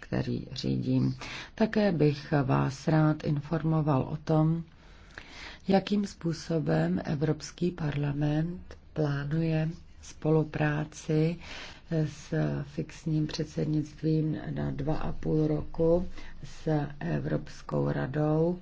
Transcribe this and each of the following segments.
který řídím. Také bych vás rád informoval o tom, jakým způsobem Evropský parlament plánuje spolupráci s fixním předsednictvím na dva a půl roku s Evropskou radou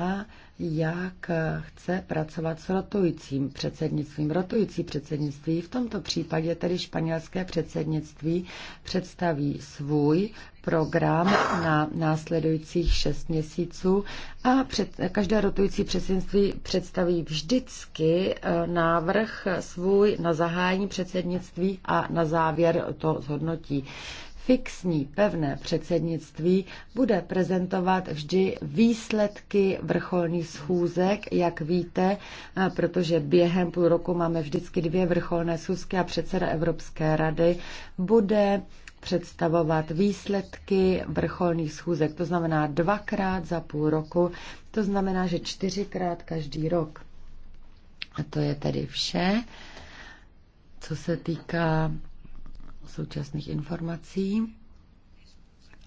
a jak chce pracovat s rotujícím předsednictvím. Rotující předsednictví, v tomto případě tedy španělské předsednictví, představí svůj program na následujících šest měsíců a před, každé rotující předsednictví představí vždycky eh, návrh svůj na zahájení předsednictví a na závěr to zhodnotí fixní pevné předsednictví bude prezentovat vždy výsledky vrcholných schůzek, jak víte, protože během půl roku máme vždycky dvě vrcholné schůzky a předseda Evropské rady bude představovat výsledky vrcholných schůzek, to znamená dvakrát za půl roku, to znamená, že čtyřikrát každý rok. A to je tedy vše, co se týká současných informací.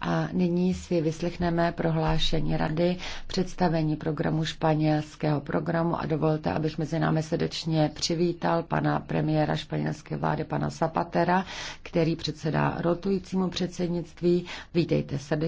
A nyní si vyslechneme prohlášení rady, představení programu španělského programu a dovolte, abych mezi námi srdečně přivítal pana premiéra španělské vlády, pana Zapatera, který předsedá rotujícímu předsednictví. Vítejte srdečně.